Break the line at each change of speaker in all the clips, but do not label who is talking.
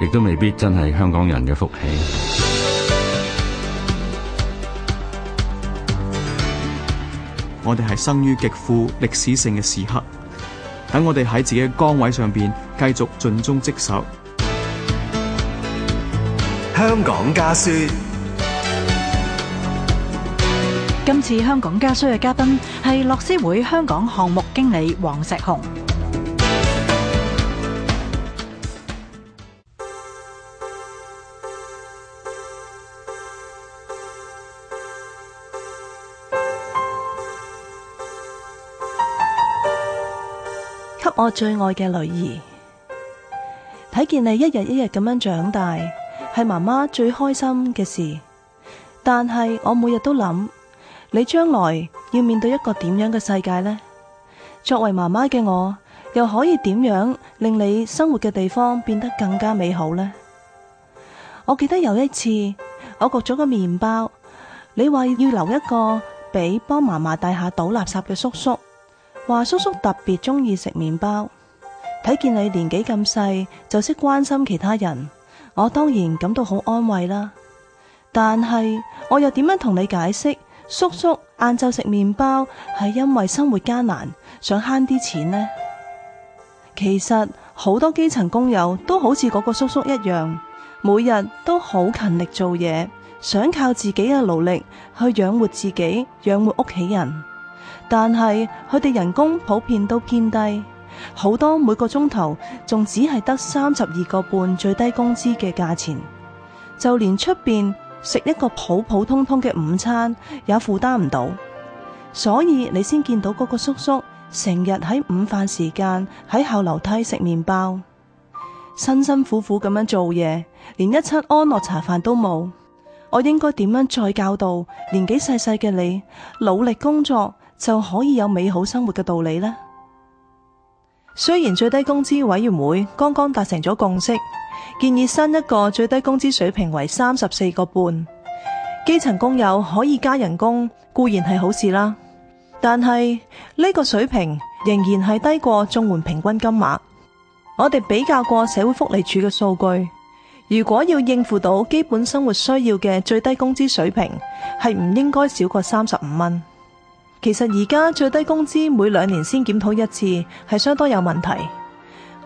亦都未必真係香港人嘅福氣。我哋係生於極富歷史性嘅時刻，等我哋喺自己嘅崗位上邊繼續盡忠職守。香港家書。今次香港家書嘅嘉賓係樂施會香港項目經理黃碩紅。我最愛嘅女兒，睇見你一日一日咁樣長大，係媽媽最開心嘅事。但係我每日都諗，你將來要面對一個點樣嘅世界呢？作為媽媽嘅我，又可以點樣令你生活嘅地方變得更加美好呢？我記得有一次，我焗咗個麵包，你話要留一個俾幫媽媽帶下倒垃圾嘅叔叔。話叔叔特別中意食麵包，睇見你年紀咁細就識關心其他人，我當然感到好安慰啦。但係我又點樣同你解釋叔叔晏晝食麵包係因為生活艱難，想慳啲錢呢？其實好多基層工友都好似嗰個叔叔一樣，每日都好勤力做嘢，想靠自己嘅勞力去養活自己，養活屋企人。但係佢哋人工普遍都偏低，好多每個鐘頭仲只係得三十二個半最低工資嘅價錢，就連出邊食一個普普通通嘅午餐也負擔唔到，所以你先見到嗰個叔叔成日喺午飯時間喺後樓梯食麵包，辛辛苦苦咁樣做嘢，連一餐安樂茶飯都冇。我應該點樣再教導年紀細細嘅你努力工作？就可以有美好生活嘅道理啦。雖然最低工資委員會剛剛達成咗共識，建議新一個最低工資水平為三十四個半，基層工友可以加人工，固然係好事啦。但係呢個水平仍然係低過綜援平均金額。我哋比較過社會福利署嘅數據，如果要應付到基本生活需要嘅最低工資水平，係唔應該少過三十五蚊。其實而家最低工資每兩年先檢討一次，係相當有問題。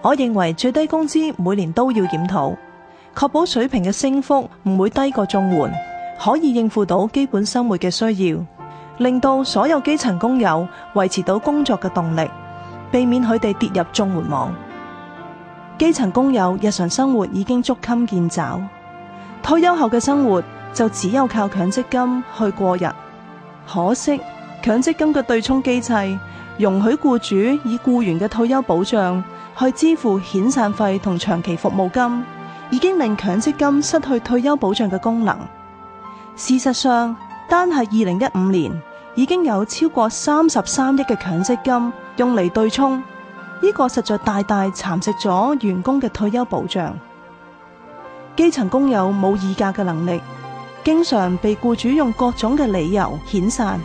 我認為最低工資每年都要檢討，確保水平嘅升幅唔會低過綜援，可以應付到基本生活嘅需要，令到所有基層工友維持到工作嘅動力，避免佢哋跌入綜援網。基層工友日常生活已經捉襟見肘，退休後嘅生活就只有靠強積金去過日，可惜。強積金嘅對沖機制容許僱主以僱員嘅退休保障去支付遣散費同長期服務金，已經令強積金失去退休保障嘅功能。事實上，單係二零一五年已經有超過三十三億嘅強積金用嚟對沖，呢個實在大大蠶食咗員工嘅退休保障。基層工友冇議價嘅能力，經常被僱主用各種嘅理由遣散。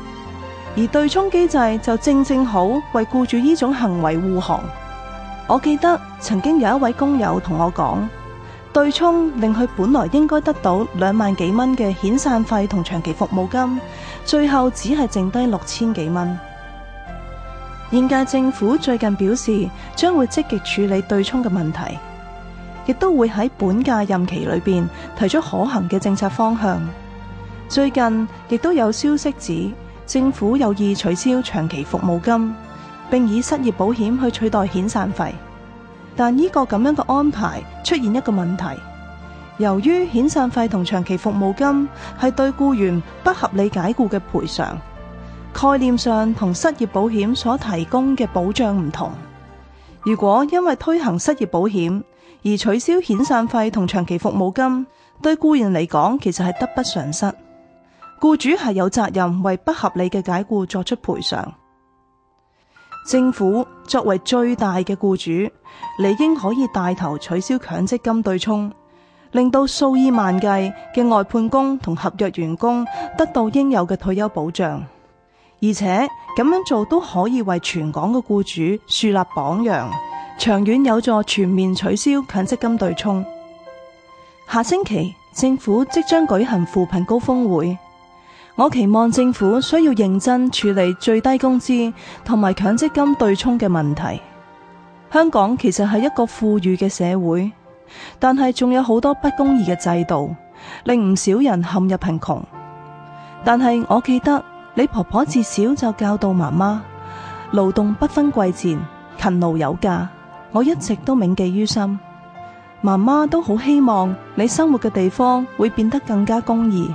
而對沖機制就正正好為僱主呢種行為護航。我記得曾經有一位工友同我講，對沖令佢本來應該得到兩萬幾蚊嘅遣散費同長期服務金，最後只係剩低六千幾蚊。現屆政府最近表示將會積極處理對沖嘅問題，亦都會喺本屆任期裏邊提出可行嘅政策方向。最近亦都有消息指，政府有意取消長期服務金，並以失業保險去取代遣散費，但呢個咁樣嘅安排出現一個問題，由於遣散費同長期服務金係對僱員不合理解雇嘅賠償，概念上同失業保險所提供嘅保障唔同。如果因為推行失業保險而取消遣散費同長期服務金，對僱員嚟講其實係得不償失。僱主係有責任為不合理嘅解雇作出賠償。政府作為最大嘅僱主，理應可以帶頭取消強積金對沖，令到數以萬計嘅外判工同合約員工得到應有嘅退休保障。而且咁樣做都可以為全港嘅僱主樹立榜樣，長遠有助全面取消強積金對沖。下星期政府即將舉行扶貧高峰會。我期望政府需要認真處理最低工資同埋強積金對沖嘅問題。香港其實係一個富裕嘅社會，但係仲有好多不公義嘅制度，令唔少人陷入貧窮。但係我記得你婆婆自小就教導媽媽，勞動不分貴賤，勤勞有價，我一直都銘記於心。媽媽都好希望你生活嘅地方會變得更加公義。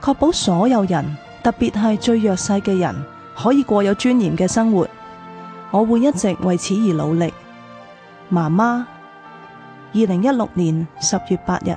確保所有人，特別係最弱勢嘅人，可以過有尊嚴嘅生活。我會一直為此而努力。媽媽，二零一六年十月八日。